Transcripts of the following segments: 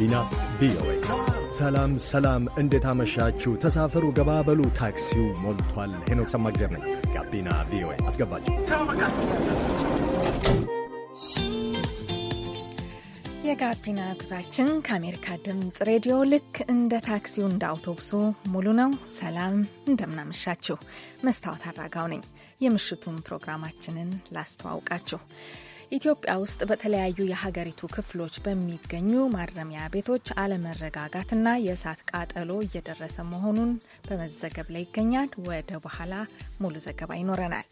ጋቢና ቪኦኤ። ሰላም ሰላም፣ እንዴት አመሻችሁ? ተሳፈሩ፣ ገባበሉ፣ ታክሲው ሞልቷል። ሄኖክ ሰማግዜር ነኝ። ጋቢና ቪኦኤ ሰላም ሰላም እንዴት አመሻችሁ ተሳፈሩ በሉ ታክሲው ሞልቷል ሄኖክ ሰማግዜር ነኝ ጋቢና ቪኦኤ አስገባችሁ የጋቢና ጉዛችን ከአሜሪካ ድምፅ ሬዲዮ ልክ እንደ ታክሲው እንደ አውቶቡሱ ሙሉ ነው። ሰላም እንደምናመሻችሁ፣ መስታወት አድራጋው ነኝ። የምሽቱን ፕሮግራማችንን ላስተዋውቃችሁ። ኢትዮጵያ ውስጥ በተለያዩ የሀገሪቱ ክፍሎች በሚገኙ ማረሚያ ቤቶች አለመረጋጋትና የእሳት ቃጠሎ እየደረሰ መሆኑን በመዘገብ ላይ ይገኛል። ወደ በኋላ ሙሉ ዘገባ ይኖረናል።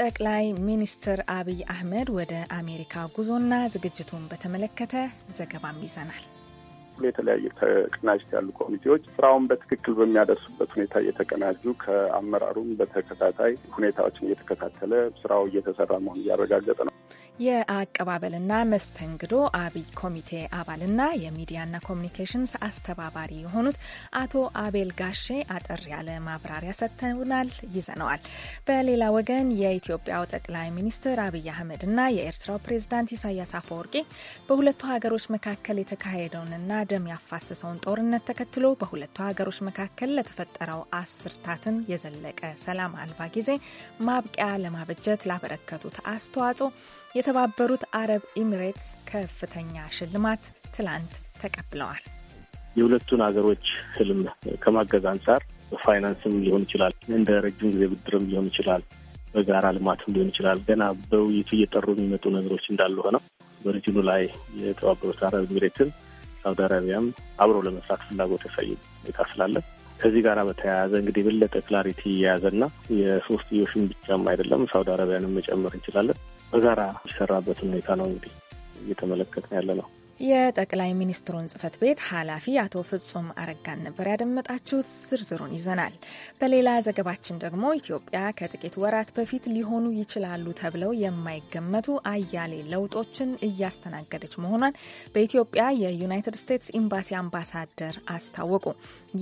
ጠቅላይ ሚኒስትር አብይ አህመድ ወደ አሜሪካ ጉዞና ዝግጅቱን በተመለከተ ዘገባም ይዘናል። የተለያዩ ተቀናጅት ያሉ ኮሚቴዎች ስራውን በትክክል በሚያደርሱበት ሁኔታ እየተቀናጁ ከአመራሩም በተከታታይ ሁኔታዎችን እየተከታተለ ስራው እየተሰራ መሆን እያረጋገጠ የአቀባበልና መስተንግዶ አብይ ኮሚቴ አባልና የሚዲያና ኮሚኒኬሽንስ አስተባባሪ የሆኑት አቶ አቤል ጋሼ አጠር ያለ ማብራሪያ ሰጥተውናል፣ ይዘነዋል። በሌላ ወገን የኢትዮጵያው ጠቅላይ ሚኒስትር አብይ አህመድና የኤርትራው ፕሬዝዳንት ኢሳያስ አፈወርቂ በሁለቱ ሀገሮች መካከል የተካሄደውንና ደም ያፋሰሰውን ጦርነት ተከትሎ በሁለቱ ሀገሮች መካከል ለተፈጠረው አስርታትን የዘለቀ ሰላም አልባ ጊዜ ማብቂያ ለማበጀት ላበረከቱት አስተዋጽኦ የተባበሩት አረብ ኤሚሬትስ ከፍተኛ ሽልማት ትላንት ተቀብለዋል። የሁለቱን ሀገሮች ህልም ከማገዝ አንጻር በፋይናንስም ሊሆን ይችላል፣ እንደ ረጅም ጊዜ ብድርም ሊሆን ይችላል፣ በጋራ ልማትም ሊሆን ይችላል። ገና በውይይቱ እየጠሩ የሚመጡ ነገሮች እንዳሉ ሆነው በሪጅኑ ላይ የተባበሩት አረብ ኤሚሬትን ሳውዲ አረቢያም አብሮ ለመስራት ፍላጎት ያሳዩ ሁኔታ ስላለን ከዚህ ጋር በተያያዘ እንግዲህ የበለጠ ክላሪቲ የያዘና የሶስትዮሽን ብቻም አይደለም ሳውዲ አረቢያንም መጨመር እንችላለን። በጋራ የሚሰራበት ሁኔታ ነው እንግዲህ እየተመለከትን ያለ ነው። የጠቅላይ ሚኒስትሩን ጽህፈት ቤት ኃላፊ አቶ ፍጹም አረጋን ነበር ያደመጣችሁት። ዝርዝሩን ይዘናል። በሌላ ዘገባችን ደግሞ ኢትዮጵያ ከጥቂት ወራት በፊት ሊሆኑ ይችላሉ ተብለው የማይገመቱ አያሌ ለውጦችን እያስተናገደች መሆኗን በኢትዮጵያ የዩናይትድ ስቴትስ ኤምባሲ አምባሳደር አስታወቁ።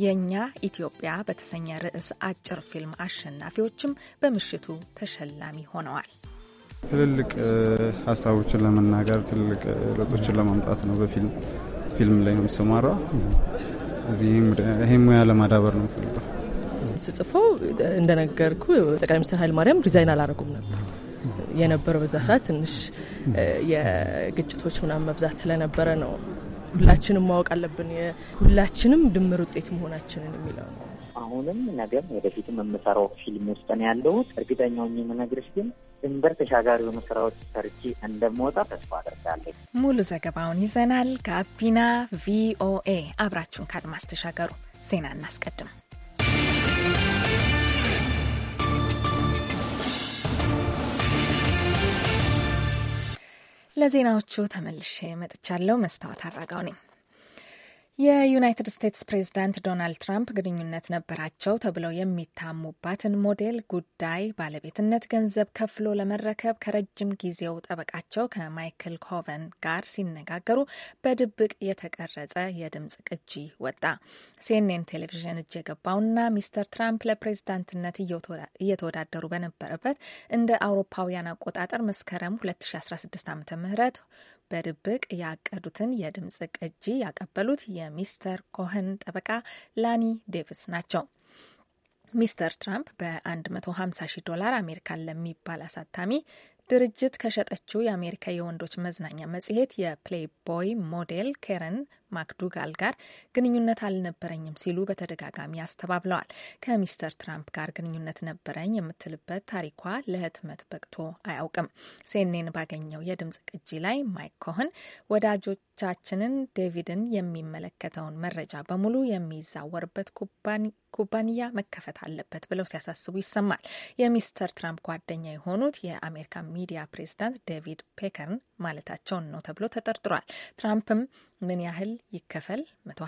የእኛ ኢትዮጵያ በተሰኘ ርዕስ አጭር ፊልም አሸናፊዎችም በምሽቱ ተሸላሚ ሆነዋል። ትልልቅ ሀሳቦችን ለመናገር ትልልቅ ለውጦችን ለማምጣት ነው። በፊልም ፊልም ላይ ነው የምሰማራው። ይሄ ሙያ ለማዳበር ነው የምፈልገው። ስጽፈው እንደነገርኩ ጠቅላይ ሚኒስትር ማርያም ዲዛይን አላረጉም ነበር የነበረው በዛ ሰዓት ትንሽ የግጭቶች ምናምን መብዛት ስለነበረ ነው። ሁላችንም ማወቅ አለብን፣ ሁላችንም ድምር ውጤት መሆናችንን የሚለው ነው አሁንም ነገም ወደፊትም የምሰራው ፊልም ውስጥ ነው ያለሁት። እርግጠኛው የምነግርሽ ግን ድንበር ተሻጋሪ የሆኑ ስራዎች ሰርቼ እንደምወጣ ተስፋ አደርጋለሁ። ሙሉ ዘገባውን ይዘናል። ጋቢና ቪኦኤ አብራችሁን ከአድማስ ተሻገሩ። ዜና እናስቀድም። ለዜናዎቹ ተመልሼ መጥቻለሁ። መስታወት አራጋው ነኝ። የዩናይትድ ስቴትስ ፕሬዝዳንት ዶናልድ ትራምፕ ግንኙነት ነበራቸው ተብለው የሚታሙባትን ሞዴል ጉዳይ ባለቤትነት ገንዘብ ከፍሎ ለመረከብ ከረጅም ጊዜው ጠበቃቸው ከማይክል ኮቨን ጋር ሲነጋገሩ በድብቅ የተቀረጸ የድምፅ ቅጂ ወጣ። ሲኤንኤን ቴሌቪዥን እጅ የገባውና ሚስተር ትራምፕ ለፕሬዝዳንትነት እየተወዳደሩ በነበረበት እንደ አውሮፓውያን አቆጣጠር መስከረም 2016 ዓ ም በድብቅ ያቀዱትን የድምፅ ቅጂ ያቀበሉት የሚስተር ኮህን ጠበቃ ላኒ ዴቪስ ናቸው። ሚስተር ትራምፕ በ150 ሺህ ዶላር አሜሪካን ለሚባል አሳታሚ ድርጅት ከሸጠችው የአሜሪካ የወንዶች መዝናኛ መጽሔት የፕሌይቦይ ሞዴል ኬረን ማክዱጋል ጋር ግንኙነት አልነበረኝም ሲሉ በተደጋጋሚ አስተባብለዋል። ከሚስተር ትራምፕ ጋር ግንኙነት ነበረኝ የምትልበት ታሪኳ ለህትመት በቅቶ አያውቅም። ሴኔን ባገኘው የድምጽ ቅጂ ላይ ማይክ ኮህን ወዳጆቻችንን ዴቪድን የሚመለከተውን መረጃ በሙሉ የሚዛወርበት ኩባንያ ኩባንያ መከፈት አለበት ብለው ሲያሳስቡ ይሰማል። የሚስተር ትራምፕ ጓደኛ የሆኑት የአሜሪካ ሚዲያ ፕሬዚዳንት ዴቪድ ፔከርን ማለታቸውን ነው ተብሎ ተጠርጥሯል። ትራምፕም ምን ያህል ይከፈል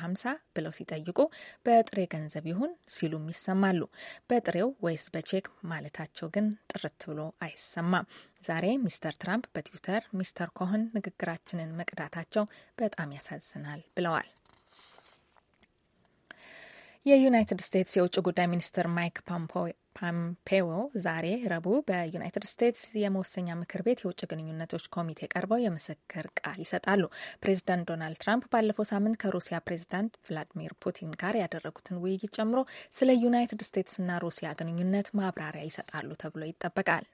ሀምሳ ብለው ሲጠይቁ በጥሬ ገንዘብ ይሁን ሲሉም ይሰማሉ። በጥሬው ወይስ በቼክ ማለታቸው ግን ጥርት ብሎ አይሰማም። ዛሬ ሚስተር ትራምፕ በትዊተር ሚስተር ኮህን ንግግራችንን መቅዳታቸው በጣም ያሳዝናል ብለዋል። የዩናይትድ ስቴትስ የውጭ ጉዳይ ሚኒስትር ማይክ ፖምፔዮ ዛሬ ረቡዕ በዩናይትድ ስቴትስ የመወሰኛ ምክር ቤት የውጭ ግንኙነቶች ኮሚቴ ቀርበው የምስክር ቃል ይሰጣሉ። ፕሬዚዳንት ዶናልድ ትራምፕ ባለፈው ሳምንት ከሩሲያ ፕሬዚዳንት ቭላዲሚር ፑቲን ጋር ያደረጉትን ውይይት ጨምሮ ስለ ዩናይትድ ስቴትስና ሩሲያ ግንኙነት ማብራሪያ ይሰጣሉ ተብሎ ይጠበቃል።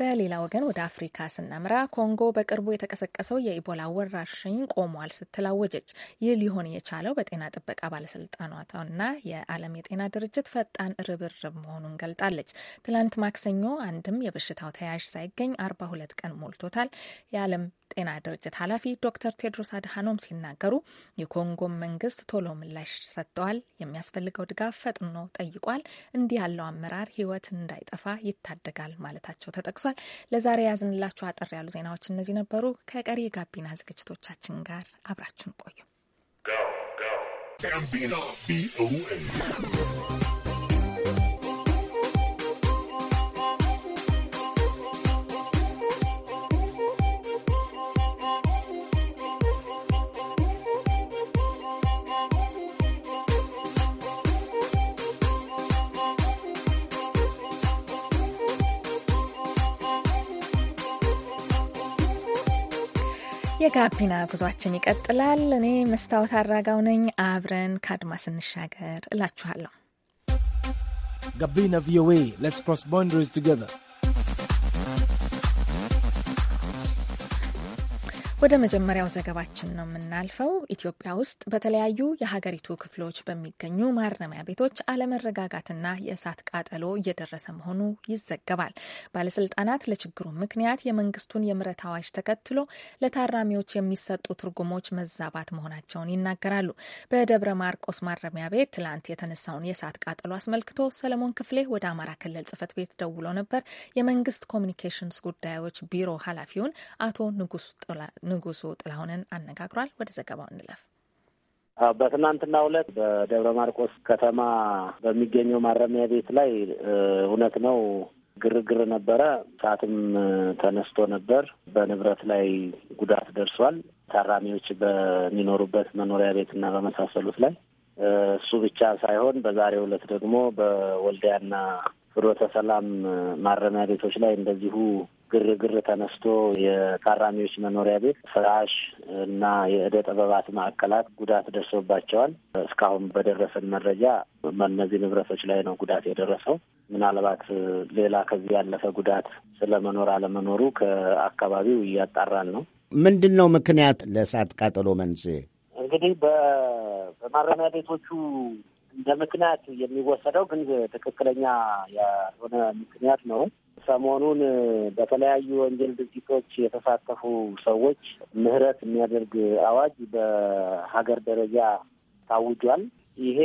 በሌላ ወገን ወደ አፍሪካ ስናምራ ኮንጎ በቅርቡ የተቀሰቀሰው የኢቦላ ወረርሽኝ ቆሟል ስትል አወጀች። ይህ ሊሆን የቻለው በጤና ጥበቃ ባለስልጣናትና የዓለም የጤና ድርጅት ፈጣን ርብርብ መሆኑን ገልጣለች። ትላንት ማክሰኞ አንድም የበሽታው ተያያዥ ሳይገኝ አርባ ሁለት ቀን ሞልቶታል። የዓለም ጤና ድርጅት ኃላፊ ዶክተር ቴድሮስ አድሃኖም ሲናገሩ የኮንጎ መንግስት ቶሎ ምላሽ ሰጥተዋል። የሚያስፈልገው ድጋፍ ፈጥኖ ጠይቋል። እንዲህ ያለው አመራር ህይወት እንዳይጠፋ ይታደጋል ማለታቸው ተጠቅሷል። ደርሷል። ለዛሬ ያዝንላችሁ አጠር ያሉ ዜናዎች እነዚህ ነበሩ። ከቀሪ የጋቢና ዝግጅቶቻችን ጋር አብራችሁን ቆዩ። የጋቢና ጉዟችን ይቀጥላል። እኔ መስታወት አራጋው ነኝ። አብረን ከአድማስ እንሻገር እላችኋለሁ። ጋቢና ቪኦኤ ሌትስ ክሮስ ቦንደሪስ ቱጌዘር ወደ መጀመሪያው ዘገባችን ነው የምናልፈው። ኢትዮጵያ ውስጥ በተለያዩ የሀገሪቱ ክፍሎች በሚገኙ ማረሚያ ቤቶች አለመረጋጋትና የእሳት ቃጠሎ እየደረሰ መሆኑ ይዘገባል። ባለስልጣናት ለችግሩ ምክንያት የመንግስቱን የምህረት አዋጅ ተከትሎ ለታራሚዎች የሚሰጡ ትርጉሞች መዛባት መሆናቸውን ይናገራሉ። በደብረ ማርቆስ ማረሚያ ቤት ትላንት የተነሳውን የእሳት ቃጠሎ አስመልክቶ ሰለሞን ክፍሌ ወደ አማራ ክልል ጽህፈት ቤት ደውሎ ነበር። የመንግስት ኮሚኒኬሽንስ ጉዳዮች ቢሮ ኃላፊውን አቶ ንጉስ ንጉሱ ጥላሁንን አነጋግሯል። ወደ ዘገባው እንለፍ። በትናንትና ዕለት በደብረ ማርቆስ ከተማ በሚገኘው ማረሚያ ቤት ላይ እውነት ነው ግርግር ነበረ። ሰዓትም ተነስቶ ነበር። በንብረት ላይ ጉዳት ደርሷል። ታራሚዎች በሚኖሩበት መኖሪያ ቤትና በመሳሰሉት ላይ እሱ ብቻ ሳይሆን በዛሬው ዕለት ደግሞ በወልዲያና ፍሮተ ሰላም ማረሚያ ቤቶች ላይ እንደዚሁ ግርግር ተነስቶ የታራሚዎች መኖሪያ ቤት ፍራሽ እና የእደ ጥበባት ማዕከላት ጉዳት ደርሶባቸዋል። እስካሁን በደረሰን መረጃ በእነዚህ ንብረቶች ላይ ነው ጉዳት የደረሰው። ምናልባት ሌላ ከዚህ ያለፈ ጉዳት ስለመኖር አለመኖሩ ከአካባቢው እያጣራን ነው። ምንድን ነው ምክንያት ለእሳት ቃጠሎ መንስኤ? እንግዲህ በማረሚያ ቤቶቹ እንደ ምክንያት የሚወሰደው ግን ትክክለኛ የሆነ ምክንያት ነው ሰሞኑን በተለያዩ ወንጀል ድርጊቶች የተሳተፉ ሰዎች ምህረት የሚያደርግ አዋጅ በሀገር ደረጃ ታውጇል። ይሄ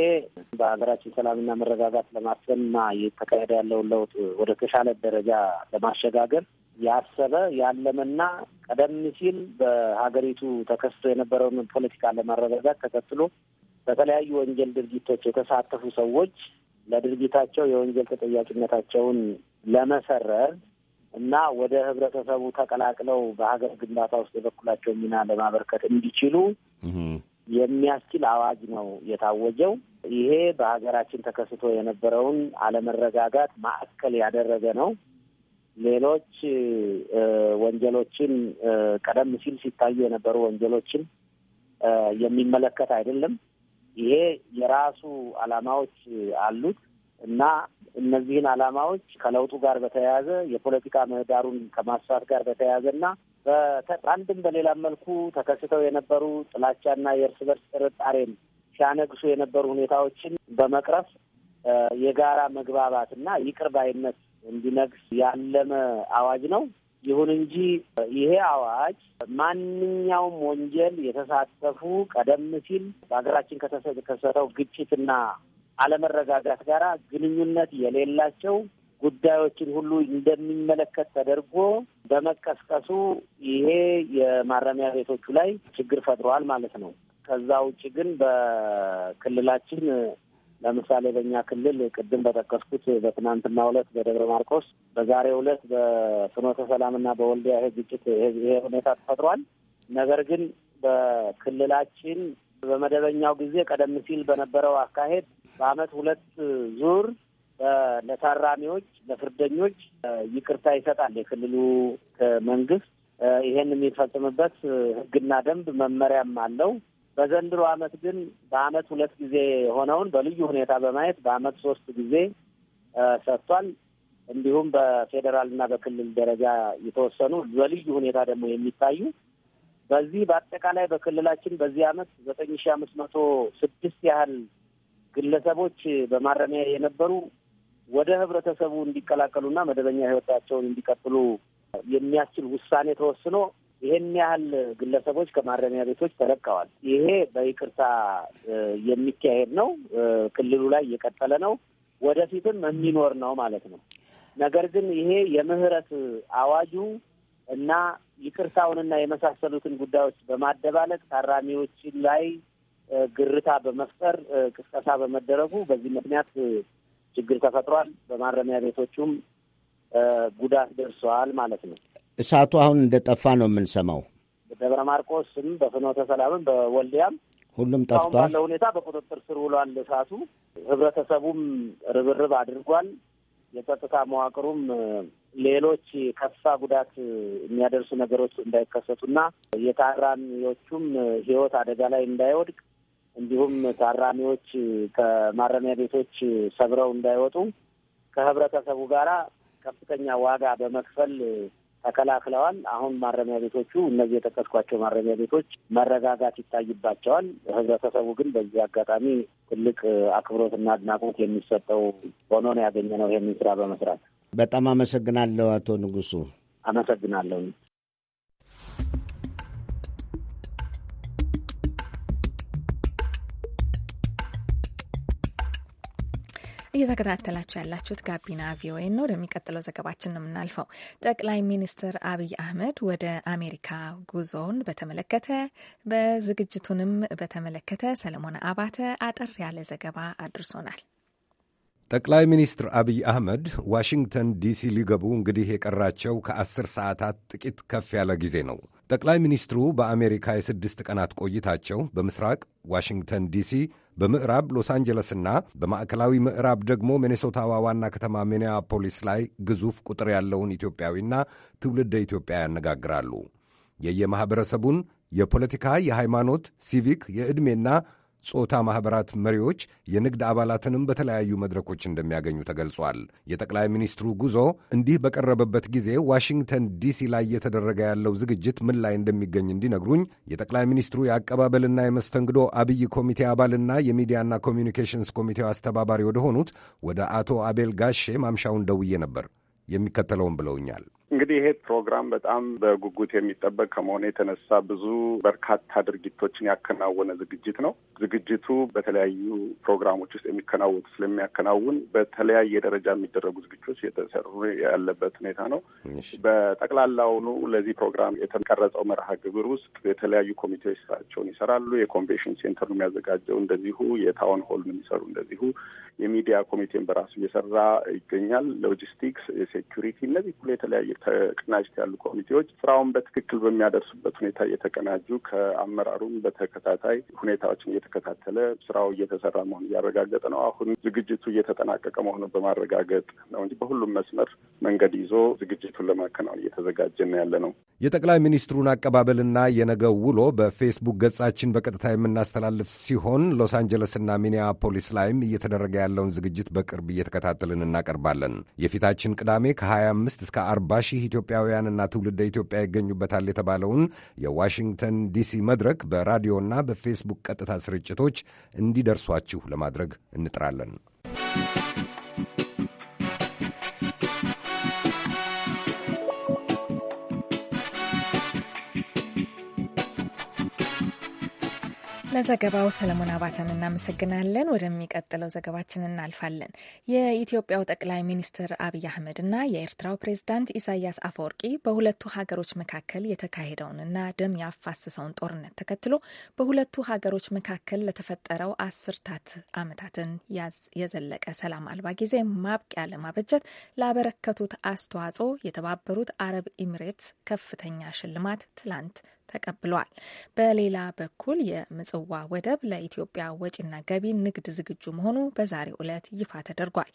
በሀገራችን ሰላምና መረጋጋት ለማስፈንና እየተካሄደ ያለውን ለውጥ ወደ ተሻለ ደረጃ ለማሸጋገር ያሰበ ያለመና ቀደም ሲል በሀገሪቱ ተከስቶ የነበረውን ፖለቲካ ለማረጋጋት ተከትሎ በተለያዩ ወንጀል ድርጊቶች የተሳተፉ ሰዎች ለድርጊታቸው የወንጀል ተጠያቂነታቸውን ለመሰረዝ እና ወደ ህብረተሰቡ ተቀላቅለው በሀገር ግንባታ ውስጥ የበኩላቸው ሚና ለማበርከት እንዲችሉ የሚያስችል አዋጅ ነው የታወጀው። ይሄ በሀገራችን ተከስቶ የነበረውን አለመረጋጋት ማዕከል ያደረገ ነው። ሌሎች ወንጀሎችን ቀደም ሲል ሲታዩ የነበሩ ወንጀሎችን የሚመለከት አይደለም። ይሄ የራሱ አላማዎች አሉት። እና እነዚህን ዓላማዎች ከለውጡ ጋር በተያያዘ የፖለቲካ ምህዳሩን ከማስፋት ጋር በተያያዘ እና በአንድም በሌላም መልኩ ተከስተው የነበሩ ጥላቻና የእርስ በርስ ጥርጣሬን ሲያነግሱ የነበሩ ሁኔታዎችን በመቅረፍ የጋራ መግባባት እና ይቅር ባይነት እንዲነግስ ያለመ አዋጅ ነው። ይሁን እንጂ ይሄ አዋጅ ማንኛውም ወንጀል የተሳተፉ ቀደም ሲል በሀገራችን ከተከሰተው ግጭትና አለመረጋጋት ጋራ ግንኙነት የሌላቸው ጉዳዮችን ሁሉ እንደሚመለከት ተደርጎ በመቀስቀሱ ይሄ የማረሚያ ቤቶቹ ላይ ችግር ፈጥሯል ማለት ነው። ከዛ ውጭ ግን በክልላችን ለምሳሌ በእኛ ክልል ቅድም በጠቀስኩት በትናንትና ሁለት በደብረ ማርቆስ፣ በዛሬ ሁለት በፍኖተ ሰላምና በወልዲያ ይሄ ግጭት ይሄ ሁኔታ ተፈጥሯል። ነገር ግን በክልላችን በመደበኛው ጊዜ ቀደም ሲል በነበረው አካሄድ በአመት ሁለት ዙር ለታራሚዎች፣ ለፍርደኞች ይቅርታ ይሰጣል የክልሉ መንግስት። ይሄን የሚፈጽምበት ህግና ደንብ መመሪያም አለው። በዘንድሮ አመት ግን በአመት ሁለት ጊዜ የሆነውን በልዩ ሁኔታ በማየት በአመት ሶስት ጊዜ ሰጥቷል። እንዲሁም በፌዴራል እና በክልል ደረጃ የተወሰኑ በልዩ ሁኔታ ደግሞ የሚታዩ በዚህ በአጠቃላይ በክልላችን በዚህ አመት ዘጠኝ ሺ አምስት መቶ ስድስት ያህል ግለሰቦች በማረሚያ የነበሩ ወደ ህብረተሰቡ እንዲቀላቀሉና መደበኛ ህይወታቸውን እንዲቀጥሉ የሚያስችል ውሳኔ ተወስኖ ይህን ያህል ግለሰቦች ከማረሚያ ቤቶች ተለቀዋል። ይሄ በይቅርታ የሚካሄድ ነው። ክልሉ ላይ እየቀጠለ ነው። ወደፊትም የሚኖር ነው ማለት ነው። ነገር ግን ይሄ የምህረት አዋጁ እና ይቅርታውንና የመሳሰሉትን ጉዳዮች በማደባለቅ ታራሚዎችን ላይ ግርታ በመፍጠር ቅስቀሳ በመደረጉ በዚህ ምክንያት ችግር ተፈጥሯል። በማረሚያ ቤቶቹም ጉዳት ደርሰዋል ማለት ነው። እሳቱ አሁን እንደ ጠፋ ነው የምንሰማው። በደብረ ማርቆስም፣ በፍኖተ ሰላምም፣ በወልዲያም ሁሉም ጠፍቷል። ባለ ሁኔታ በቁጥጥር ስር ውሏል እሳቱ። ህብረተሰቡም ርብርብ አድርጓል። የጸጥታ መዋቅሩም ሌሎች ከፋ ጉዳት የሚያደርሱ ነገሮች እንዳይከሰቱና የታራሚዎቹም ሕይወት አደጋ ላይ እንዳይወድቅ እንዲሁም ታራሚዎች ከማረሚያ ቤቶች ሰብረው እንዳይወጡ ከህብረተሰቡ ጋራ ከፍተኛ ዋጋ በመክፈል ተከላክለዋል። አሁን ማረሚያ ቤቶቹ እነዚህ የጠቀስኳቸው ማረሚያ ቤቶች መረጋጋት ይታይባቸዋል። ህብረተሰቡ ግን በዚህ አጋጣሚ ትልቅ አክብሮትና አድናቆት የሚሰጠው ሆኖ ነው ያገኘነው ይህንን ስራ በመስራት በጣም አመሰግናለሁ አቶ ንጉሱ። አመሰግናለሁ። እየተከታተላችሁ ያላችሁት ጋቢና ቪኦኤ ነው። ወደሚቀጥለው ዘገባችን ነው የምናልፈው። ጠቅላይ ሚኒስትር አብይ አህመድ ወደ አሜሪካ ጉዞውን በተመለከተ በዝግጅቱንም በተመለከተ ሰለሞን አባተ አጠር ያለ ዘገባ አድርሶናል። ጠቅላይ ሚኒስትር አብይ አህመድ ዋሽንግተን ዲሲ ሊገቡ እንግዲህ የቀራቸው ከአስር ሰዓታት ጥቂት ከፍ ያለ ጊዜ ነው። ጠቅላይ ሚኒስትሩ በአሜሪካ የስድስት ቀናት ቆይታቸው በምስራቅ ዋሽንግተን ዲሲ፣ በምዕራብ ሎስ አንጀለስና በማዕከላዊ ምዕራብ ደግሞ ሚኔሶታዋ ዋና ከተማ ሚኒያፖሊስ ላይ ግዙፍ ቁጥር ያለውን ኢትዮጵያዊና ትውልደ ኢትዮጵያ ያነጋግራሉ። የየማኅበረሰቡን የፖለቲካ፣ የሃይማኖት፣ ሲቪክ፣ የዕድሜና ጾታ ማኅበራት መሪዎች፣ የንግድ አባላትንም በተለያዩ መድረኮች እንደሚያገኙ ተገልጿል። የጠቅላይ ሚኒስትሩ ጉዞ እንዲህ በቀረበበት ጊዜ ዋሽንግተን ዲሲ ላይ እየተደረገ ያለው ዝግጅት ምን ላይ እንደሚገኝ እንዲነግሩኝ የጠቅላይ ሚኒስትሩ የአቀባበልና የመስተንግዶ አብይ ኮሚቴ አባልና የሚዲያና ኮሚኒኬሽንስ ኮሚቴው አስተባባሪ ወደ ሆኑት ወደ አቶ አቤል ጋሼ ማምሻውን ደውዬ ነበር። የሚከተለውን ብለውኛል። እንግዲህ ይሄ ፕሮግራም በጣም በጉጉት የሚጠበቅ ከመሆኑ የተነሳ ብዙ በርካታ ድርጊቶችን ያከናወነ ዝግጅት ነው። ዝግጅቱ በተለያዩ ፕሮግራሞች ውስጥ የሚከናወኑ ስለሚያከናውን በተለያየ ደረጃ የሚደረጉ ዝግጅቶች የተሰሩ ያለበት ሁኔታ ነው። በጠቅላላውኑ ለዚህ ፕሮግራም የተቀረጸው መርሃ ግብር ውስጥ የተለያዩ ኮሚቴዎች ስራቸውን ይሰራሉ። የኮንቬንሽን ሴንተር የሚያዘጋጀው እንደዚሁ፣ የታውን ሆል የሚሰሩ እንደዚሁ፣ የሚዲያ ኮሚቴን በራሱ እየሰራ ይገኛል። ሎጂስቲክስ፣ የሴኪሪቲ እነዚህ ሁሉ የተለያየ ተቀናጅተው ያሉ ኮሚቴዎች ስራውን በትክክል በሚያደርሱበት ሁኔታ እየተቀናጁ ከአመራሩም በተከታታይ ሁኔታዎችን እየተከታተለ ስራው እየተሰራ መሆኑ እያረጋገጠ ነው። አሁን ዝግጅቱ እየተጠናቀቀ መሆኑን በማረጋገጥ ነው እንጂ በሁሉም መስመር መንገድ ይዞ ዝግጅቱን ለማከናወን እየተዘጋጀን ያለ ነው። የጠቅላይ ሚኒስትሩን አቀባበልና የነገው ውሎ በፌስቡክ ገጻችን በቀጥታ የምናስተላልፍ ሲሆን ሎስ አንጀለስና ሚኒያፖሊስ ላይም እየተደረገ ያለውን ዝግጅት በቅርብ እየተከታተልን እናቀርባለን። የፊታችን ቅዳሜ ከ25 እስከ 40 ሺህ ኢትዮጵያውያንና ትውልደ ኢትዮጵያ ይገኙበታል የተባለውን የዋሽንግተን ዲሲ መድረክ በራዲዮና በፌስቡክ ቀጥታ ስርጭቶች እንዲደርሷችሁ ለማድረግ እንጥራለን። ለዘገባው ሰለሞን አባተን እናመሰግናለን። ወደሚቀጥለው ዘገባችን እናልፋለን። የኢትዮጵያው ጠቅላይ ሚኒስትር አብይ አህመድ እና የኤርትራው ፕሬዝዳንት ኢሳያስ አፈወርቂ በሁለቱ ሀገሮች መካከል የተካሄደውንና ደም ያፋሰሰውን ጦርነት ተከትሎ በሁለቱ ሀገሮች መካከል ለተፈጠረው አስርታት ዓመታትን የዘለቀ ሰላም አልባ ጊዜ ማብቂያ ለማበጀት ላበረከቱት አስተዋጽኦ የተባበሩት አረብ ኢሚሬትስ ከፍተኛ ሽልማት ትላንት ተቀብለዋል። በሌላ በኩል የምጽዋ ወደብ ለኢትዮጵያ ወጪና ገቢ ንግድ ዝግጁ መሆኑ በዛሬው ዕለት ይፋ ተደርጓል።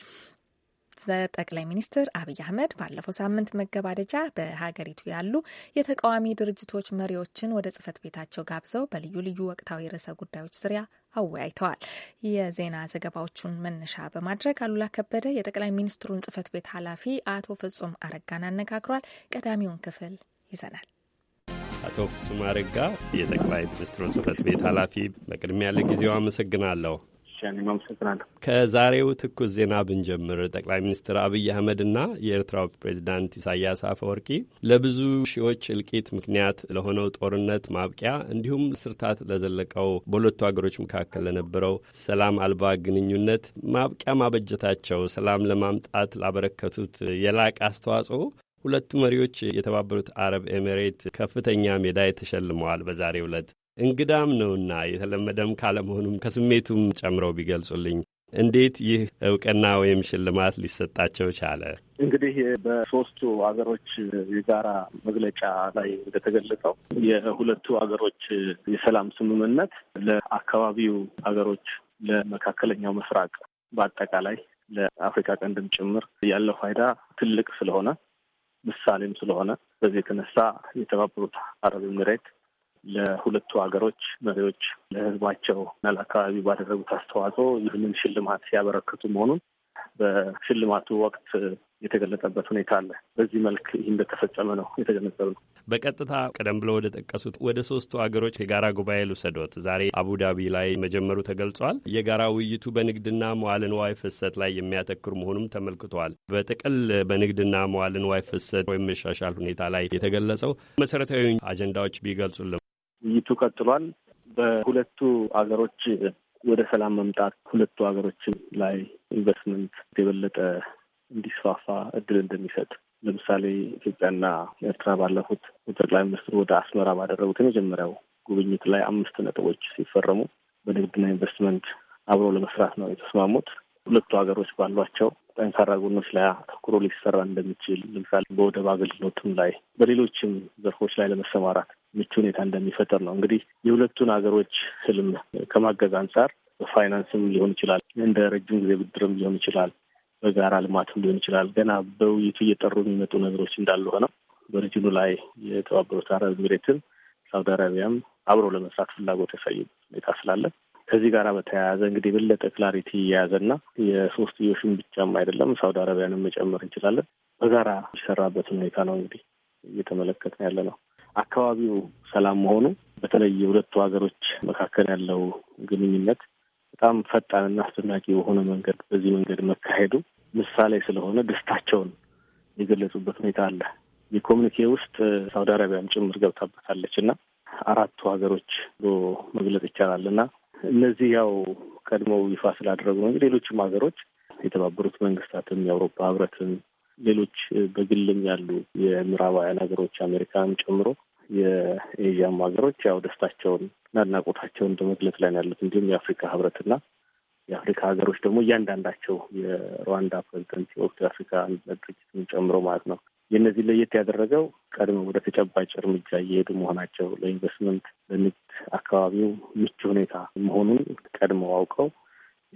ጠቅላይ ሚኒስትር አብይ አህመድ ባለፈው ሳምንት መገባደጃ በሀገሪቱ ያሉ የተቃዋሚ ድርጅቶች መሪዎችን ወደ ጽህፈት ቤታቸው ጋብዘው በልዩ ልዩ ወቅታዊ ርዕሰ ጉዳዮች ዙሪያ አወያይተዋል። የዜና ዘገባዎቹን መነሻ በማድረግ አሉላ ከበደ የጠቅላይ ሚኒስትሩን ጽህፈት ቤት ኃላፊ አቶ ፍጹም አረጋን አነጋግሯል። ቀዳሚውን ክፍል ይዘናል። አቶ ፍጹም አረጋ የጠቅላይ ሚኒስትሩ ጽህፈት ቤት ኃላፊ፣ በቅድሚያ ለጊዜው አመሰግናለሁ። ከዛሬው ትኩስ ዜና ብንጀምር ጠቅላይ ሚኒስትር አብይ አህመድና የኤርትራው ፕሬዚዳንት ኢሳያስ አፈወርቂ ለብዙ ሺዎች እልቂት ምክንያት ለሆነው ጦርነት ማብቂያ እንዲሁም ስርታት ለዘለቀው በሁለቱ ሀገሮች መካከል ለነበረው ሰላም አልባ ግንኙነት ማብቂያ ማበጀታቸው ሰላም ለማምጣት ላበረከቱት የላቀ አስተዋጽኦ ሁለቱ መሪዎች የተባበሩት አረብ ኤሚሬት ከፍተኛ ሜዳ ተሸልመዋል በዛሬ ዕለት። እንግዳም ነውና የተለመደም ካለመሆኑም ከስሜቱም ጨምረው ቢገልጹልኝ እንዴት ይህ እውቅና ወይም ሽልማት ሊሰጣቸው ቻለ? እንግዲህ በሶስቱ ሀገሮች የጋራ መግለጫ ላይ እንደተገለጸው የሁለቱ ሀገሮች የሰላም ስምምነት ለአካባቢው ሀገሮች፣ ለመካከለኛው ምስራቅ፣ በአጠቃላይ ለአፍሪካ ቀንድም ጭምር ያለው ፋይዳ ትልቅ ስለሆነ ምሳሌም ስለሆነ በዚህ የተነሳ የተባበሩት አረብ ኤምሬት ለሁለቱ ሀገሮች መሪዎች ለህዝባቸው ለሕዝባቸውና ለአካባቢ ባደረጉት አስተዋጽኦ ይህንን ሽልማት ያበረከቱ መሆኑን በሽልማቱ ወቅት የተገለጠበት ሁኔታ አለ። በዚህ መልክ ይህ እንደተፈጸመ ነው የተገነዘብነው። በቀጥታ ቀደም ብለ ወደ ጠቀሱት ወደ ሶስቱ አገሮች የጋራ ጉባኤ ልውሰዶት። ዛሬ አቡዳቢ ላይ መጀመሩ ተገልጿል። የጋራ ውይይቱ በንግድና መዋለ ንዋይ ፍሰት ላይ የሚያተክር መሆኑም ተመልክቷል። በጥቅል በንግድና መዋለ ንዋይ ፍሰት ወይም መሻሻል ሁኔታ ላይ የተገለጸው መሰረታዊ አጀንዳዎች ቢገልጹልም ውይይቱ ቀጥሏል። በሁለቱ አገሮች ወደ ሰላም መምጣት ሁለቱ ሀገሮችን ላይ ኢንቨስትመንት የበለጠ እንዲስፋፋ እድል እንደሚሰጥ ለምሳሌ ኢትዮጵያና ኤርትራ ባለፉት ጠቅላይ ሚኒስትሩ ወደ አስመራ ባደረጉት የመጀመሪያው ጉብኝት ላይ አምስት ነጥቦች ሲፈረሙ በንግድና ኢንቨስትመንት አብረው ለመስራት ነው የተስማሙት። ሁለቱ ሀገሮች ባሏቸው ጠንካራ ጎኖች ላይ አተኩሮ ሊሰራ እንደሚችል ለምሳሌ በወደብ አገልግሎትም ላይ በሌሎችም ዘርፎች ላይ ለመሰማራት ምቹ ሁኔታ እንደሚፈጠር ነው። እንግዲህ የሁለቱን ሀገሮች ህልም ከማገዝ አንጻር በፋይናንስም ሊሆን ይችላል፣ እንደ ረጅም ጊዜ ብድርም ሊሆን ይችላል፣ በጋራ ልማትም ሊሆን ይችላል። ገና በውይይቱ እየጠሩ የሚመጡ ነገሮች እንዳሉ ሆነው በሪጅኑ ላይ የተባበሩት አረብ ኤሚሬትም ሳውዲ አረቢያም አብሮ ለመስራት ፍላጎት ያሳዩበት ሁኔታ ስላለን ከዚህ ጋር በተያያዘ እንግዲህ የበለጠ ክላሪቲ የያዘና የሶስትዮሽን ብቻም አይደለም ሳውዲ አረቢያንም መጨመር እንችላለን በጋራ የሚሰራበትን ሁኔታ ነው እንግዲህ እየተመለከትን ያለ ነው። አካባቢው ሰላም መሆኑ በተለይ የሁለቱ ሀገሮች መካከል ያለው ግንኙነት በጣም ፈጣንና አስደናቂ የሆነ መንገድ በዚህ መንገድ መካሄዱ ምሳሌ ስለሆነ ደስታቸውን የገለጹበት ሁኔታ አለ። የኮሚኒኬ ውስጥ ሳውዲ አረቢያም ጭምር ገብታበታለች እና አራቱ ሀገሮች ብሎ መግለጽ ይቻላል እና እነዚህ ያው ቀድሞው ይፋ ስላደረጉ ነው። ሌሎችም ሀገሮች የተባበሩት መንግስታትም፣ የአውሮፓ ህብረትም፣ ሌሎች በግልም ያሉ የምዕራባውያን ሀገሮች አሜሪካም ጨምሮ የኤዥያም ሀገሮች ያው ደስታቸውን እና አድናቆታቸውን በመግለጽ ላይ ያሉት እንዲሁም የአፍሪካ ህብረትና የአፍሪካ ሀገሮች ደግሞ እያንዳንዳቸው የሩዋንዳ ፕሬዚደንት የወቅቱ የአፍሪካ አንድነት ድርጅትን ጨምሮ ማለት ነው የእነዚህ ለየት ያደረገው ቀድሞ ወደ ተጨባጭ እርምጃ እየሄዱ መሆናቸው ለኢንቨስትመንት ለንግድ አካባቢው ምቹ ሁኔታ መሆኑን ቀድሞ አውቀው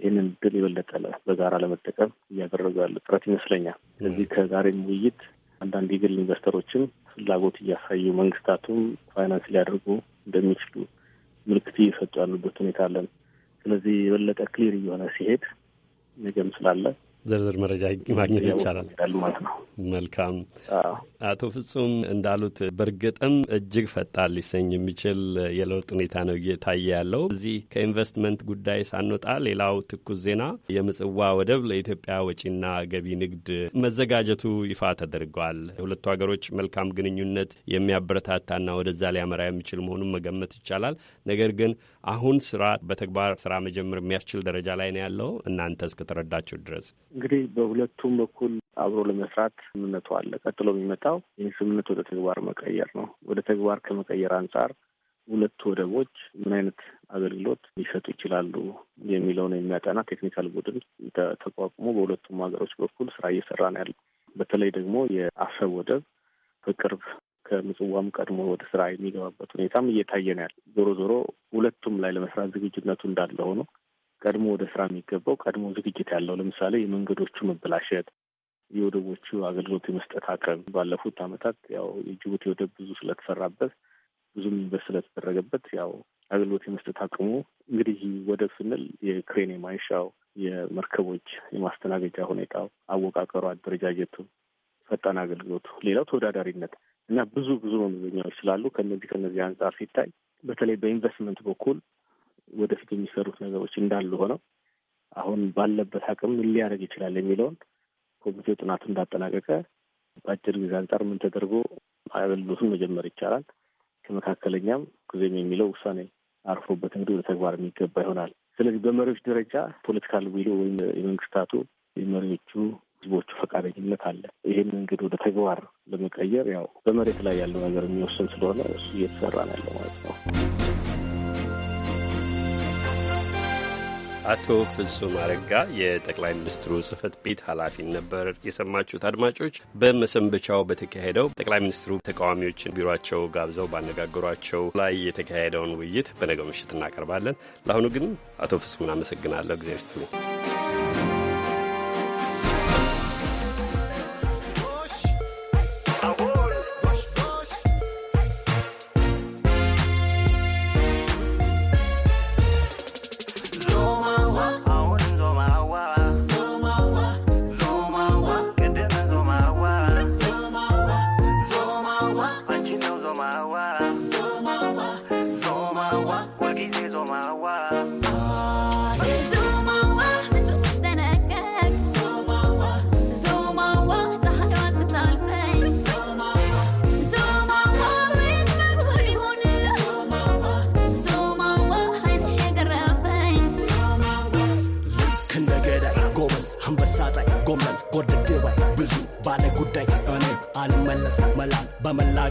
ይህንን ድል የበለጠ በጋራ ለመጠቀም እያደረጉ ያለ ጥረት ይመስለኛል። ስለዚህ ከዛሬም ውይይት አንዳንድ የግል ኢንቨስተሮችም ፍላጎት እያሳዩ መንግስታቱም ፋይናንስ ሊያደርጉ እንደሚችሉ ምልክት እየሰጡ ያሉበት ሁኔታ አለን። ስለዚህ የበለጠ ክሊር እየሆነ ሲሄድ ነገም ስላለ ዝርዝር መረጃ ማግኘት ይቻላል ማለት ነው። መልካም አቶ ፍጹም እንዳሉት በእርግጥም እጅግ ፈጣን ሊሰኝ የሚችል የለውጥ ሁኔታ ነው እየታየ ያለው። እዚህ ከኢንቨስትመንት ጉዳይ ሳንወጣ ሌላው ትኩስ ዜና የምጽዋ ወደብ ለኢትዮጵያ ወጪና ገቢ ንግድ መዘጋጀቱ ይፋ ተደርጓል። የሁለቱ ሀገሮች መልካም ግንኙነት የሚያበረታታና ወደዛ ሊያመራ የሚችል መሆኑን መገመት ይቻላል። ነገር ግን አሁን ስራ በተግባር ስራ መጀመር የሚያስችል ደረጃ ላይ ነው ያለው እናንተ እስከተረዳችሁ ድረስ? እንግዲህ በሁለቱም በኩል አብሮ ለመስራት ስምምነቱ አለ። ቀጥሎ የሚመጣው ይህ ስምምነት ወደ ተግባር መቀየር ነው። ወደ ተግባር ከመቀየር አንጻር ሁለቱ ወደቦች ምን አይነት አገልግሎት ሊሰጡ ይችላሉ የሚለውን የሚያጠና ቴክኒካል ቡድን ተቋቁሞ በሁለቱም ሀገሮች በኩል ስራ እየሰራ ነው ያለው። በተለይ ደግሞ የአሰብ ወደብ በቅርብ ከምጽዋም ቀድሞ ወደ ስራ የሚገባበት ሁኔታም እየታየ ነው ያለ። ዞሮ ዞሮ ሁለቱም ላይ ለመስራት ዝግጁነቱ እንዳለ ሆኖ ቀድሞ ወደ ስራ የሚገባው ቀድሞ ዝግጅት ያለው ለምሳሌ የመንገዶቹ መበላሸት፣ የወደቦቹ አገልግሎት የመስጠት አቅም ባለፉት አመታት ያው የጅቡቲ ወደብ ብዙ ስለተሰራበት ብዙም ኢንቨስት ስለተደረገበት ያው አገልግሎት የመስጠት አቅሙ እንግዲህ ወደብ ስንል የክሬን የማንሻው የመርከቦች የማስተናገጃ ሁኔታው፣ አወቃቀሩ፣ አደረጃጀቱ፣ ፈጣን አገልግሎቱ፣ ሌላው ተወዳዳሪነት እና ብዙ ብዙ መመዘኛዎች ስላሉ ከነዚህ ከነዚህ አንጻር ሲታይ በተለይ በኢንቨስትመንት በኩል ወደፊት የሚሰሩት ነገሮች እንዳሉ ሆነው አሁን ባለበት አቅም ምን ሊያደርግ ይችላል የሚለውን ኮሚቴው ጥናቱ እንዳጠናቀቀ በአጭር ጊዜ አንጻር ምን ተደርጎ አገልግሎቱን መጀመር ይቻላል ከመካከለኛም ጊዜም የሚለው ውሳኔ አርፎበት እንግዲህ ወደ ተግባር የሚገባ ይሆናል። ስለዚህ በመሪዎች ደረጃ ፖለቲካል ዊሉ ወይም የመንግስታቱ የመሪዎቹ ህዝቦቹ ፈቃደኝነት አለ። ይህን እንግዲህ ወደ ተግባር ለመቀየር ያው በመሬት ላይ ያለው ነገር የሚወስን ስለሆነ እሱ እየተሰራ ነው ያለው ማለት ነው። አቶ ፍጹም አረጋ የጠቅላይ ሚኒስትሩ ጽህፈት ቤት ኃላፊን ነበር የሰማችሁት። አድማጮች በመሰንበቻው በተካሄደው ጠቅላይ ሚኒስትሩ ተቃዋሚዎችን ቢሯቸው ጋብዘው ባነጋገሯቸው ላይ የተካሄደውን ውይይት በነገው ምሽት እናቀርባለን። ለአሁኑ ግን አቶ ፍጹምን አመሰግናለሁ። ጊዜ ስትሉ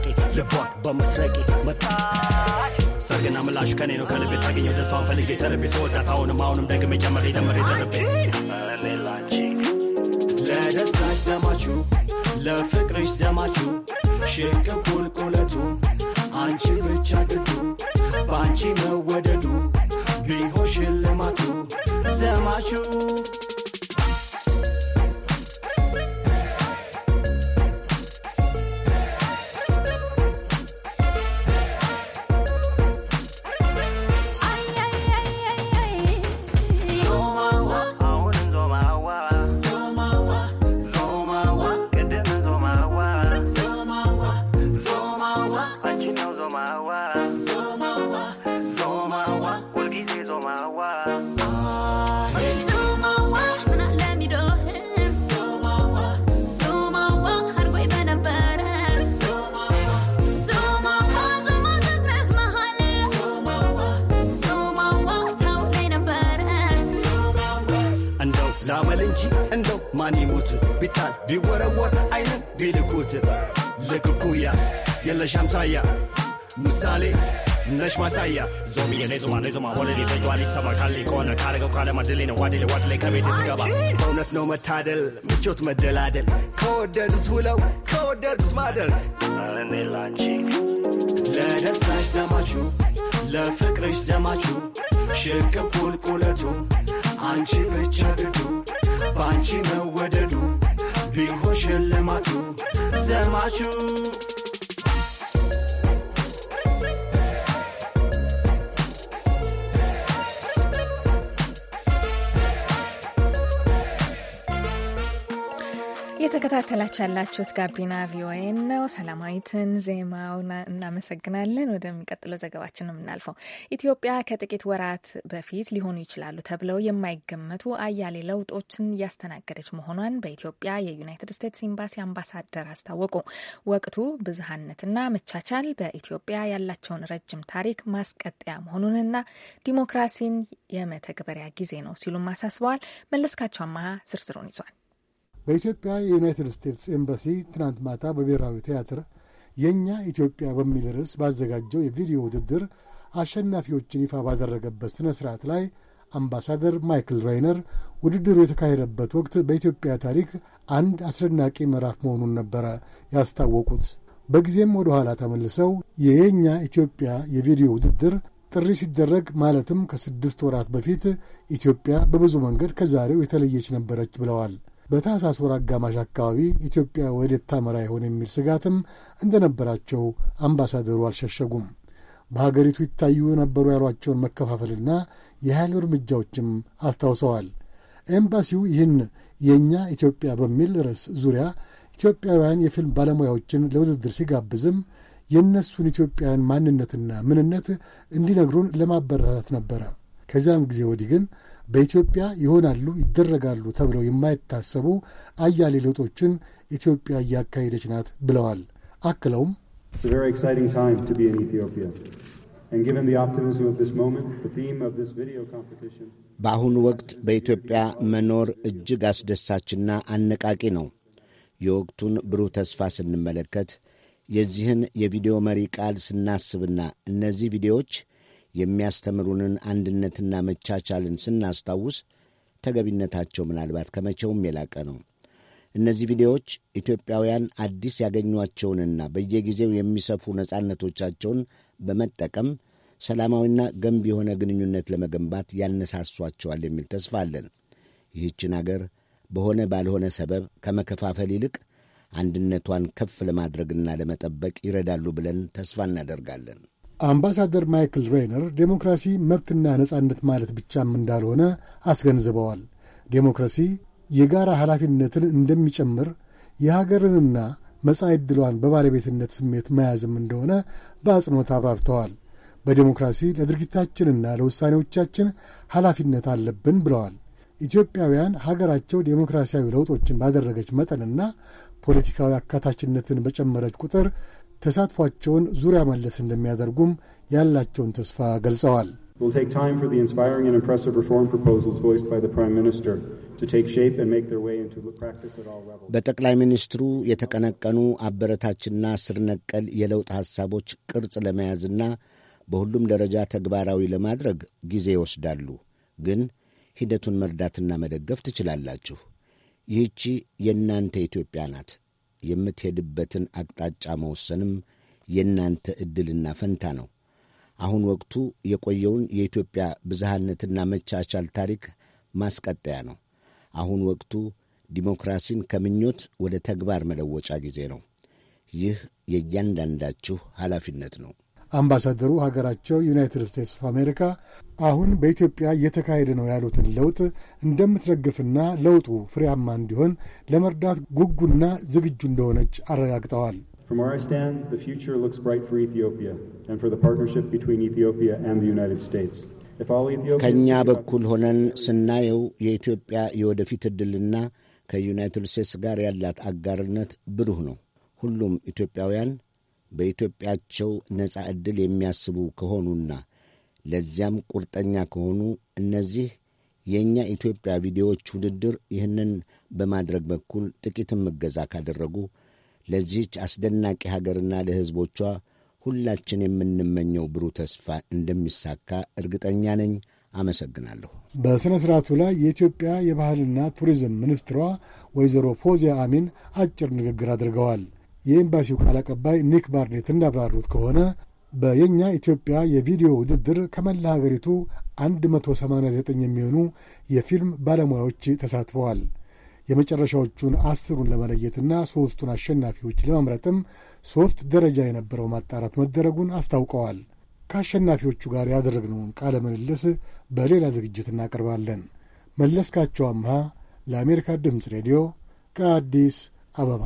ጥያቄ ልቧን በመስረቄ መጣ ሰርግና ምላሹ ከኔ ነው ከልቤ ሳገኘው ደስታዋን ፈልጌ ተርቤ ስወዳት አሁንም አሁንም ደግሜ ጨምሬ ደምሬ ደርቤ ለደስታሽ ዘማችሁ ለፍቅርሽ ዘማችሁ ሽቅብ ቁልቁለቱ አንቺ ብቻ ግዱ በአንቺ መወደዱ ቢሆ ሽልማቱ ዘማችሁ ማን ይሙት ቢጣል ቢወረወር አይን ቢልኩት ልክኩያ የለሽ አምሳያ ምሳሌ ነሽ ማሳያ ዞም ላይ ዞማ ላይ ዞማ ወለሌ በየዋል ይሰማ ካሌ ከሆነ ካረገው ካለማድሌ ነው ዋዴሌ ዋድ ላይ ከቤት ስገባ በእውነት ነው መታደል ምቾት መደላደል ከወደዱት ውለው ከወደዱት ማደር ለደስታሽ ዘማቹ ለፍቅርሽ ዘማቹ ሽቅብ ቁልቁለቱ አንቺ ብቻ ግዱ ባንቺ መወደዱ ቢሆን ሽልማቱ ዘማቹ እየተከታተላችሁ ያላችሁት ጋቢና ቪኦኤ ነው። ሰላማዊትን ዜማውን እናመሰግናለን። ወደሚቀጥለው ዘገባችን ነው የምናልፈው። ኢትዮጵያ ከጥቂት ወራት በፊት ሊሆኑ ይችላሉ ተብለው የማይገመቱ አያሌ ለውጦችን እያስተናገደች መሆኗን በኢትዮጵያ የዩናይትድ ስቴትስ ኤምባሲ አምባሳደር አስታወቁ። ወቅቱ ብዝሃነትና መቻቻል በኢትዮጵያ ያላቸውን ረጅም ታሪክ ማስቀጠያ መሆኑንና ዲሞክራሲን የመተግበሪያ ጊዜ ነው ሲሉም አሳስበዋል። መለስካቸው አማሃ ዝርዝሩን ይዟል። በኢትዮጵያ የዩናይትድ ስቴትስ ኤምባሲ ትናንት ማታ በብሔራዊ ቲያትር የእኛ ኢትዮጵያ በሚል ርዕስ ባዘጋጀው የቪዲዮ ውድድር አሸናፊዎችን ይፋ ባደረገበት ሥነ ሥርዓት ላይ አምባሳደር ማይክል ራይነር ውድድሩ የተካሄደበት ወቅት በኢትዮጵያ ታሪክ አንድ አስደናቂ ምዕራፍ መሆኑን ነበረ ያስታወቁት። በጊዜም ወደ ኋላ ተመልሰው የየኛ ኢትዮጵያ የቪዲዮ ውድድር ጥሪ ሲደረግ ማለትም ከስድስት ወራት በፊት ኢትዮጵያ በብዙ መንገድ ከዛሬው የተለየች ነበረች ብለዋል። በታህሳስ ወር አጋማሽ አካባቢ ኢትዮጵያ ወዴት ታመራ ይሆን የሚል ስጋትም እንደነበራቸው አምባሳደሩ አልሸሸጉም። በሀገሪቱ ይታዩ የነበሩ ያሏቸውን መከፋፈልና የኃይል እርምጃዎችም አስታውሰዋል። ኤምባሲው ይህን የእኛ ኢትዮጵያ በሚል ርዕስ ዙሪያ ኢትዮጵያውያን የፊልም ባለሙያዎችን ለውድድር ሲጋብዝም የእነሱን ኢትዮጵያውያን ማንነትና ምንነት እንዲነግሩን ለማበረታታት ነበረ። ከዚያም ጊዜ ወዲህ ግን በኢትዮጵያ ይሆናሉ ይደረጋሉ ተብለው የማይታሰቡ አያሌ ለውጦችን ኢትዮጵያ እያካሄደች ናት ብለዋል። አክለውም በአሁኑ ወቅት በኢትዮጵያ መኖር እጅግ አስደሳችና አነቃቂ ነው። የወቅቱን ብሩህ ተስፋ ስንመለከት የዚህን የቪዲዮ መሪ ቃል ስናስብና እነዚህ ቪዲዮዎች የሚያስተምሩንን አንድነትና መቻቻልን ስናስታውስ ተገቢነታቸው ምናልባት ከመቼውም የላቀ ነው። እነዚህ ቪዲዮዎች ኢትዮጵያውያን አዲስ ያገኟቸውንና በየጊዜው የሚሰፉ ነጻነቶቻቸውን በመጠቀም ሰላማዊና ገንቢ የሆነ ግንኙነት ለመገንባት ያነሳሷቸዋል የሚል ተስፋ አለን። ይህችን አገር በሆነ ባልሆነ ሰበብ ከመከፋፈል ይልቅ አንድነቷን ከፍ ለማድረግና ለመጠበቅ ይረዳሉ ብለን ተስፋ እናደርጋለን። አምባሳደር ማይክል ሬነር ዴሞክራሲ መብትና ነጻነት ማለት ብቻም እንዳልሆነ አስገንዝበዋል። ዴሞክራሲ የጋራ ኃላፊነትን እንደሚጨምር የሀገርንና መጻኢ ዕድሏን በባለቤትነት ስሜት መያዝም እንደሆነ በአጽንኦት አብራርተዋል። በዴሞክራሲ ለድርጊታችንና ለውሳኔዎቻችን ኃላፊነት አለብን ብለዋል። ኢትዮጵያውያን ሀገራቸው ዴሞክራሲያዊ ለውጦችን ባደረገች መጠንና ፖለቲካዊ አካታችነትን በጨመረች ቁጥር ተሳትፏቸውን ዙሪያ መለስ እንደሚያደርጉም ያላቸውን ተስፋ ገልጸዋል። በጠቅላይ ሚኒስትሩ የተቀነቀኑ አበረታችና ስር ነቀል የለውጥ ሐሳቦች ቅርጽ ለመያዝና በሁሉም ደረጃ ተግባራዊ ለማድረግ ጊዜ ይወስዳሉ። ግን ሂደቱን መርዳትና መደገፍ ትችላላችሁ። ይህቺ የእናንተ ኢትዮጵያ ናት። የምትሄድበትን አቅጣጫ መወሰንም የእናንተ ዕድልና ፈንታ ነው። አሁን ወቅቱ የቆየውን የኢትዮጵያ ብዝሃነትና መቻቻል ታሪክ ማስቀጠያ ነው። አሁን ወቅቱ ዲሞክራሲን ከምኞት ወደ ተግባር መለወጫ ጊዜ ነው። ይህ የእያንዳንዳችሁ ኃላፊነት ነው። አምባሳደሩ ሀገራቸው ዩናይትድ ስቴትስ ኦፍ አሜሪካ አሁን በኢትዮጵያ እየተካሄደ ነው ያሉትን ለውጥ እንደምትደግፍና ለውጡ ፍሬያማ እንዲሆን ለመርዳት ጉጉና ዝግጁ እንደሆነች አረጋግጠዋል። ከእኛ በኩል ሆነን ስናየው የኢትዮጵያ የወደፊት ዕድልና ከዩናይትድ ስቴትስ ጋር ያላት አጋርነት ብሩህ ነው። ሁሉም ኢትዮጵያውያን በኢትዮጵያቸው ነጻ ዕድል የሚያስቡ ከሆኑና ለዚያም ቁርጠኛ ከሆኑ እነዚህ የእኛ ኢትዮጵያ ቪዲዮዎች ውድድር ይህንን በማድረግ በኩል ጥቂትም እገዛ ካደረጉ ለዚህች አስደናቂ ሀገርና ለሕዝቦቿ ሁላችን የምንመኘው ብሩህ ተስፋ እንደሚሳካ እርግጠኛ ነኝ። አመሰግናለሁ። በሥነ ሥርዓቱ ላይ የኢትዮጵያ የባህልና ቱሪዝም ሚኒስትሯ ወይዘሮ ፎዚያ አሚን አጭር ንግግር አድርገዋል። የኤምባሲው ቃል አቀባይ ኒክ ባርኔት እንዳብራሩት ከሆነ በየኛ ኢትዮጵያ የቪዲዮ ውድድር ከመላ ሀገሪቱ 189 የሚሆኑ የፊልም ባለሙያዎች ተሳትፈዋል። የመጨረሻዎቹን አስሩን ለመለየትና ሦስቱን አሸናፊዎች ለመምረጥም ሦስት ደረጃ የነበረው ማጣራት መደረጉን አስታውቀዋል። ከአሸናፊዎቹ ጋር ያደረግነውን ቃለ ምልልስ በሌላ ዝግጅት እናቀርባለን። መለስካቸው አምሃ ለአሜሪካ ድምፅ ሬዲዮ ከአዲስ አበባ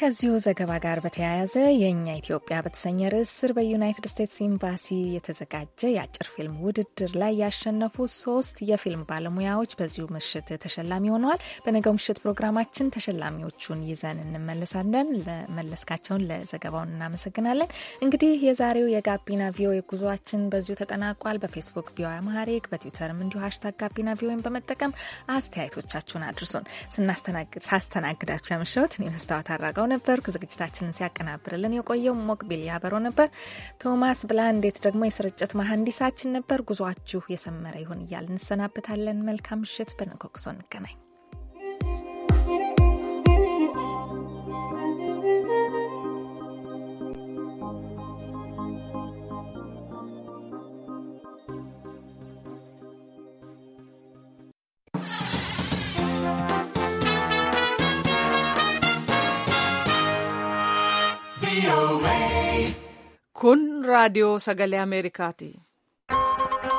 ከዚሁ ዘገባ ጋር በተያያዘ የእኛ ኢትዮጵያ በተሰኘ ርዕስ ስር በዩናይትድ ስቴትስ ኤምባሲ የተዘጋጀ የአጭር ፊልም ውድድር ላይ ያሸነፉ ሶስት የፊልም ባለሙያዎች በዚሁ ምሽት ተሸላሚ ሆነዋል። በነገው ምሽት ፕሮግራማችን ተሸላሚዎቹን ይዘን እንመለሳለን። ለመለስካቸውን ለዘገባውን እናመሰግናለን። እንግዲህ የዛሬው የጋቢና ቪኦኤ ጉዟችን በዚሁ ተጠናቋል። በፌስቡክ ቪኦኤ አማሪክ፣ በትዊተርም እንዲሁ ሀሽታግ ጋቢና ቪኦኤን በመጠቀም አስተያየቶቻችሁን አድርሱን። ሳስተናግዳችሁ ያመሸሁት እኔ መስታወት አራጋው ነበርኩ። ዝግጅታችንን ሲያቀናብርልን የቆየው ሞቅቢል ያበሮ ነበር። ቶማስ ብላንዴት ደግሞ የስርጭት መሐንዲሳችን ነበር። ጉዟችሁ የሰመረ ይሁን እያል እንሰናበታለን። መልካም ምሽት። በነኮክሶ እንገናኝ። kun raadiyoo sagalee ti.